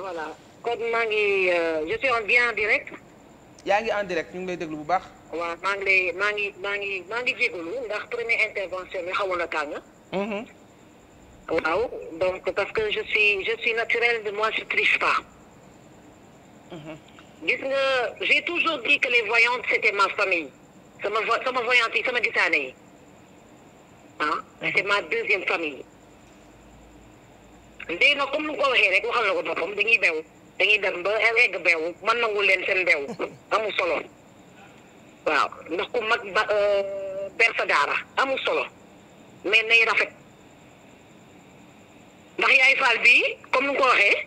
voilà kon maa ngi euh, je suis en bien direct. yaa ngi en direct ñu ngi lay déglu bu baax. waaw maa ngi lay maa ngi maa ngi maa ngi jégalu ndax première intervention bi xawoon na tàng. Mm-hmm. waaw donc parce que je suis je suis naturelle de moi je triche pas. Mm-hmm. gis nga j'ai toujours dit que les voyantes c'était ma famille sama sama voyante yi sama gisaane yi ah c'était ma deuxième famille. léegi nag comme lu ko waxee rek waxal na ko boppam dañuy bew dañuy dem ba egg bew man nangul leen seen bew amul solo waaw ndax ku mag ba euh, sa daara amul solo mais nay rafet ndax yaay faal bi comme lu ko waxee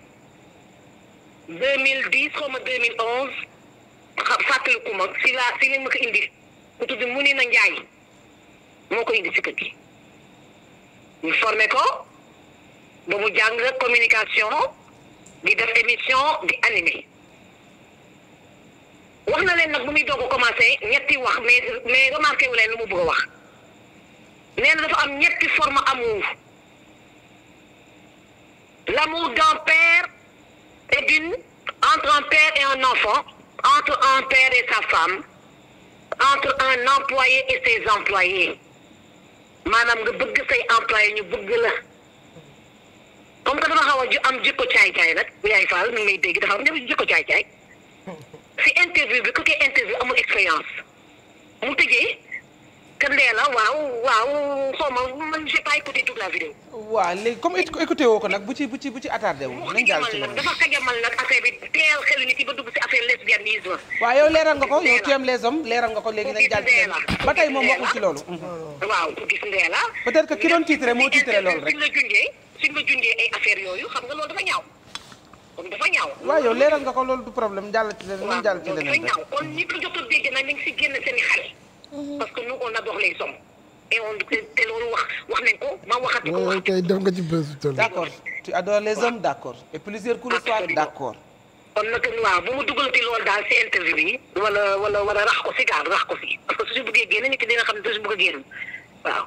deux mille dix xaw ma deux mille onze fàttaliku ma si laa si li ma ko indi ku tudd mu ni na njaay moo ko indi si kër gi ñu ko ba mu jàng communication di def émission di animé wax na leen nag bu muy doog a commencé ñetti wax mais mais remarqué lu mu bëgg a wax nee dafa am ñetti forme amour l'amour d'un père et d'une entre un père et un enfant entre un père et sa femme entre en employé et ses employés maanaam nga bëgg say employé ñu bëgg la comme que dafa xaw a am jikko caay-caay nag yaay Fall mi ngi lay dégg dafa am jikko caay-caay si interview bi ku koy interview amul expérience mu tëjee que Ndéla waaw waaw xaw ma man j'ai pas écouté toute la vidéo. waaw léegi comme écouté woo ko nag bu ci bu ci bu ci attardé wu. nañ jàll ci loolu dafa xajamal nag affaire bi teel xelu nit yi ba dugg si affaire lesbianisme. waaw yow leeral nga ko yow tu aimes les hommes leeral nga ko léegi nañ jàll ci loolu ba tey moom waxul ci loolu. waaw gis Ndéla. peut-être que ki doon titré moo titré loolu rek. suñ ma junjee ay affaire yooyu xam nga loolu dafa ñaaw kon dafa ñaaw. waaw yow leeral nga ko loolu du problème jàll ci leneen. waaw jàll ci leneen dafa ñaaw ko a dégg nag nañ mhm. loolu wax wax nañ ko ma waxati ko. waaw kay def nga ci bés bu toll. d'accord tu adores les hommes d'accord. et plusieurs coups le soir d'accord. loolu daal si interview bi wala wala wala rax ko si gaal rax ko si parce que su si génn nit ki dina xam ne su si bëgg génn waaw.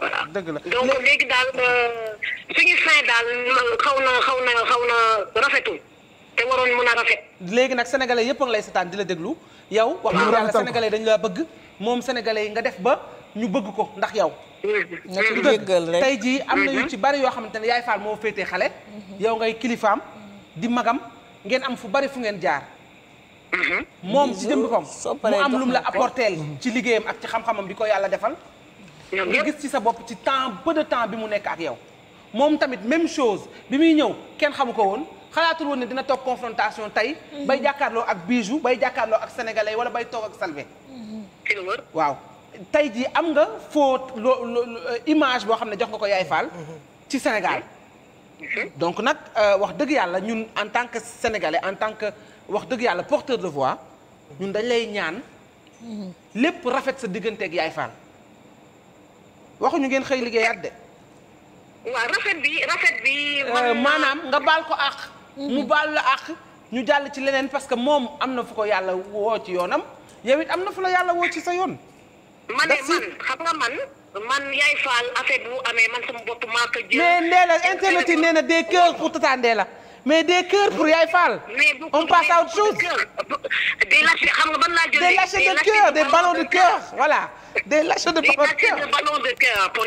voilà donc léegi daal euh, suñu fin daal euh, xaw na xaw na xaw na rafetul te waroon mën a rafet. léegi nag sénégalais yëpp a ngi lay setaan di la déglu yow. wax dëgg yàlla sénégalais dañu la bëgg moom sénégalais yi nga def ba ñu bëgg ko ndax yow. Mm-hmm. nga ji am na yu mm-hmm. ci bari yoo xamante ne yaay faal moo féetee xale. Mm-hmm. yow ngay kilifaam di magam ngeen am fu bari fu ngeen jaar. moom ci jëm bi mu am lu mu la apporteel ci liggéeyam ak ci xam-xamam bi ko yàlla defal. nga gis ci sa bopp ci temps peu de temps bi mu nekk ak yow. moom tamit même chose bi muy ñëw kenn xamu ko woon xalaatul woon ne dina toog confrontation tey. Mm-hmm. bay jàkkaarloo ak Bijou bay jàkkaarloo ak sénégalais wala bay toog ak Salvé. Mm-hmm. waaw tey jii am nga faute loo image boo xam ne jox nga ko Yaay Fall. Mm-hmm. ci Sénégal. donc nag euh, wax dëgg yàlla ñun en tant que sénégalais en tant que wax dëgg yàlla porteur de voix. ñun dañ lay ñaan. lépp rafet sa diggante digganteeg Yaay Fall. waxuñu ngeen xëy liggéeyaat de. waaw rafet bi rafet bi. Euh, maanaam nga baal ko àq. mu baal la àq ñu jàll ci leneen parce que moom am na fu ko yàlla woo ci yoonam yow it am na fu la yàlla woo ci sa yoon. man de man xam nga man. man yaay faal affaire bu amee man sama bopp maa ko jël. mais Ndéla internet yi nee na des kër pour Tata la mais de cœurs pour Yaay Fall. on passe à autre chose. des lâchers xam nga ban laa jëlee. des lâchers de cœur des ballons de cœur voilà. des lâchers de papa de cœur des lâchers de ballons de cœur pour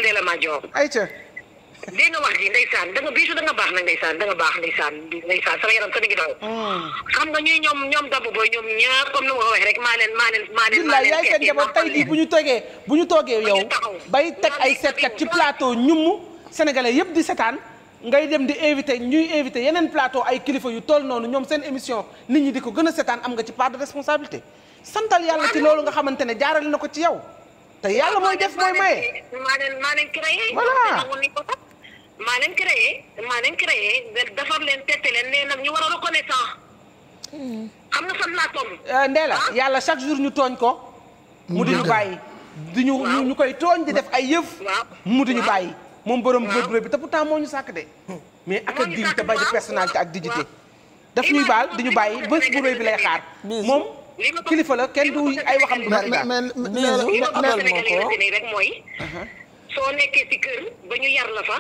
Ndella nga wax ji ndeysaan da nga bisu da nga baax nag ndeysaan da nga baax ndeysaan ndeysaan sama yaram sa ngi daw. Hmm. xam nga ñuy ñoom ñoom dabu booy ñoom ñaar comme ni ma ko waxee rek maa leen maa maa leen maa leen yaay seen njaboot tey jii bu ñu toogee bu ñu toogee yow bay teg ay seetkat ci plateau ñum sénégalais yëpp di setaan ngay dem di invité ñuy invité yeneen plateau ay kilifa yu tool noonu ñoom seen émission nit ñi di ko gën a seetaan am nga ci part de responsabilité santal yàlla ci loolu nga xamante ne jaarale na ko ci yow te yàlla mooy def mooy maye. maa leen maa leen créé. voilà maa leen créé maa leen créé defar leen tette leen nee nag ñu war a reconnaissant. xam na fan laa toll. Euh, Ndéla ah. yàlla chaque jour ñu tooñ ko. mu di ñu bàyyi. di ñu ñu koy tooñ di def ay yëf. mu di ñu bàyyi. moom borom ah. góor bi te pourtant moo ñu sàkk de. mais ak a diñ te bañ a personnalité ak dignité daf ñuy baal di ñu bàyyi bés bu rëy bi lay xaar. moom kilifa la kenn du ay waxam du bari daal. mais rek mooy. soo nekkee ci kër ba yar la fa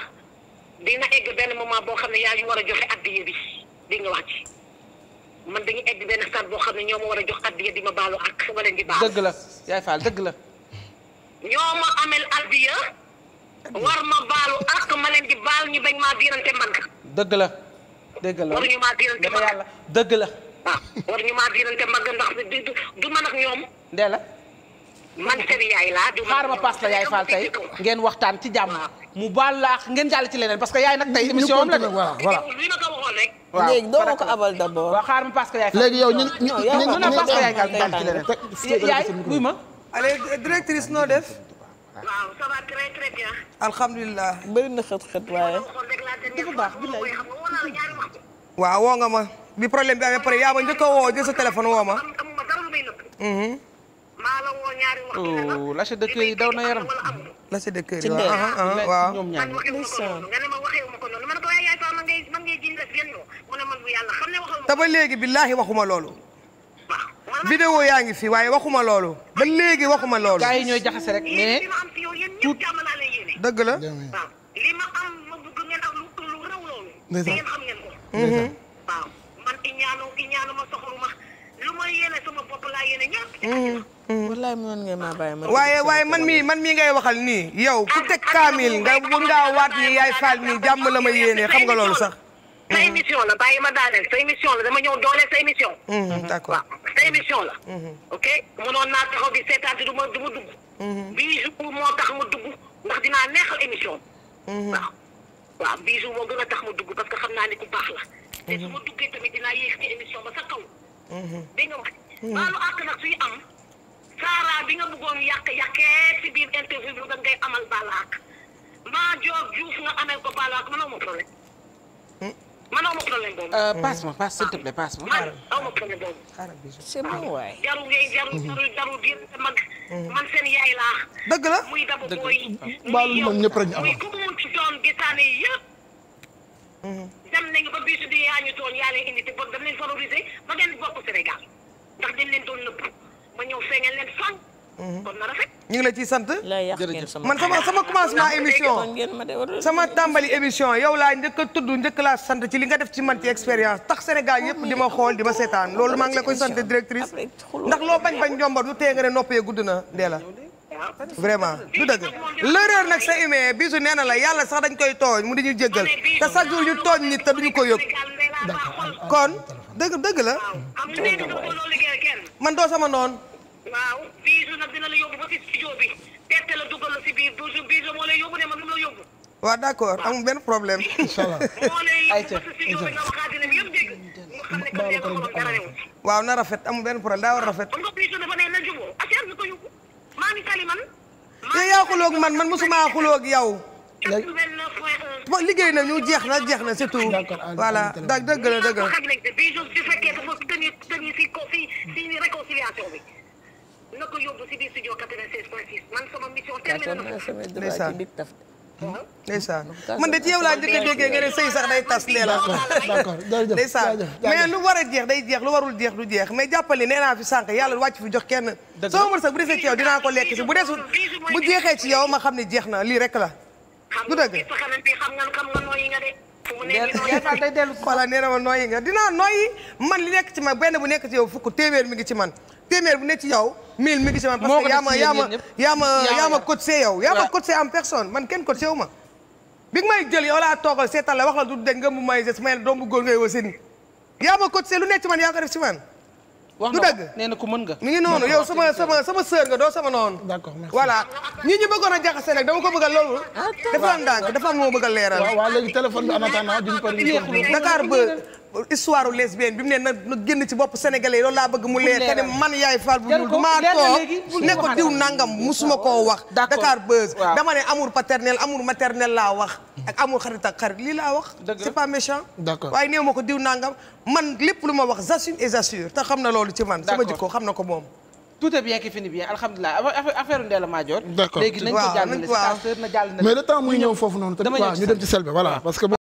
dina egg benn moment boo xam ne yaa ngi war a joxe addiya bi di nga wax ci. man dañu egg benn stade boo xam ne ñoo ma war a jox addiya di ma baalu ak wala di baal. dëgg la yaay Fall dëgg la. ñoo ma amel addiya war ma baalu ak ma leen di baal ñu bañ maa diirante mbagg. dëgg la dëgg la waruñu maa diirante la. waaw waruñu maa diirante mbagg ndax du du man ak ñoom. ndee la. man seen yaay laa du ma. xaaral ma paas la yaay Fall tey ngeen waxtaan ci jàmm. mu baal laax ngeen jàll ci leneen parce yaay nag tey émission am la de. voilà voilà lii ma ko waxoon rek. waaw léegi doo ma ko abal d'abord. waaw xaaral ma paas la yaay Fall léegi yow ñu ñu ñu ñu ñu ñu ñu ñu ñu ñu ñu ñu ñu ñu ñu waaw ça va très très bien. alhamdulilah. bëri na waaye. dafa baax bi laay. waaw woo nga ma bi problème bi amee pare yaa ma woo jël sa woo ma. Mhm. oh lâcher de cœur yi yaram. lâcher de cœur yi billaahi waxuma loolu. vidéo yaa ngi fi waaye waxuma loolu. ba léegi waxuma loolu. gars yi ñooy jaxase rek mais. tout dëgg la. li ma am ma bëgg ngeen am lu lu raw loolu. ngeen xam ngeen ko. waaw man i ñaanu i ñaanu ma soxlu ma lu ma yéene sama bopp laa yéene ñëpp. Mm, mm. wallaay mënoon ngeen maa bàyyi ma. waaye waaye man mii man mii ngay waxal nii. yow ku teg kaamil nga mun ngaa waat ni yaay faal nii jàmm la ma yéene xam nga loolu sax. sa mm-hmm. émission la bàyyi ma daaneel sa émission la dama ñëw doole sa émission. Mm-hmm, mm-hmm. d'accord waaw sa émission la. ok mënoon naa taxaw bi seetaan du ma du ma dugg. moo tax ma dugg ndax dinaa neexal émission waaw waaw bii jour moo gën a tax ma dugg parce que xam naa ni ku baax la. te su ma duggee tamit dinaa yéex ba sa kaw. dégg nga wax. baalu àq nag suy am. Sara bi nga bëggoon yàq yàqee ci biir interview bi nga amal baalu àq. maa Diop Diouf nga amee ko baalu àq mënoo ma problème. Euh, mm. passe ma passe s'il te plaît passe ma. man aw ma problème boobu. c'est bon waay. jarul ngay jarul mm-hmm. jarul di mag. Mm-hmm. man seen yaay laa. dëgg la muy dabu booy. mbaalu mm-hmm. moom ñëpp rek ñu amoon muy ku mu ci doon gisaane yëpp. dem nañu ba bisu di yaa ñu doon yaa leen indi te boog dam leen favoriser ba ngeen bokk Sénégal ndax dañ leen doon ma ñëw feeñal leen fan. Mm-hmm. kon na ñu ngi la ciy sant. man sama sama commencement émission. sama tàmbali émission yow laa njëkk a tudd njëkk laa sant ci li nga def ci man ci expérience tax Sénégal yëpp di ma xool di ma seetaan loolu maa ngi la koy sant directrice ndax loo bañ bañ njombar lu tee nga ne noppee gudd na dee la ah. vraiment du dëgg l'erreur nag c'est humain bisu nee na la yàlla sax dañ koy tooñ mu di ñu jéggal te chaque jour ñu tooñ nit te duñu ko yëg kon dëgg dëgg la man doo sama noonu waaw biisu nag dina la yóbbu ba ci studio bi tette la dugal la si biir toujours biisu moo lay yóbbu ne ma nu mu la yóbbu. waaw d'accord amul benn problème. incha allah ayca waaw na rafet amul benn problème daa war a rafet. yow yaa xulóog man man mosuma xulóog yow. liggéey na ñu jeex na jeex na surtout. voilà dëgg la dëgg la. na ko yóbbu si biir studio 96.6 man sama mission terminé na sama droit ci Big Taf de ci yow laa jëkk a déggee sax day tas lee la d'accord jërëjëf ndeysaan mais lu war a jeex day jeex lu warul jeex du jeex mais jàppale nee a fi sànq yàlla wàcc fi jox kenn sama mën sax bu desee ci yow dinaa ko lekk si bu desul bu jeexee ci yow ma xam ne jeex na lii rek la du day dellu xoola nee na man li nekk ci man benn bu nekk ci yow fukk téeméer mi ngi ci man téeméer bu nekk ci yow mille mi ngi ci man parce que yaa ma yaa ma yaa ma yaa personne man kenn coaché wu ma bi may jël yow laa toogal seetal la wax la du dégg nga mu may gis may doomu góor ngay wasin yaa ma coaché lu nekk ci man yaa ko ci man du dëgg nee na ko mën nga mi ngi noonu yow sama sama sama sœur nga doo sama noonu d'accord merci voilà ñi ñu bëggoon a jaxase nag dama ko bëgg a loolu ah, dafa ndànk dafa am moo bëgg a leeral waaw léegi téléphone bi en attendant duñ histoire lesbienne bi mu ne na génn ci bopp sénégalais loolu laa bëgg mu leer te ne man yaay fal bu ñuul maa toog ne ko diw nangam musuma koo wax Dakar buzz dama ne amour paternel amour maternel laa wax ak amul xarit ak xarit lii wax. c'est pas méchant. d'accord waaye néew ma ko diw man lépp lu ma wax j'assume et j'assure te xam na loolu ci man. sama jikko xam na ko moom. tout est bien qui alhamdulilah affaire Ndella Madior. d'accord léegi nañu muy ñëw foofu noonu. dama ñëw ci ñu dem ci selbe voilà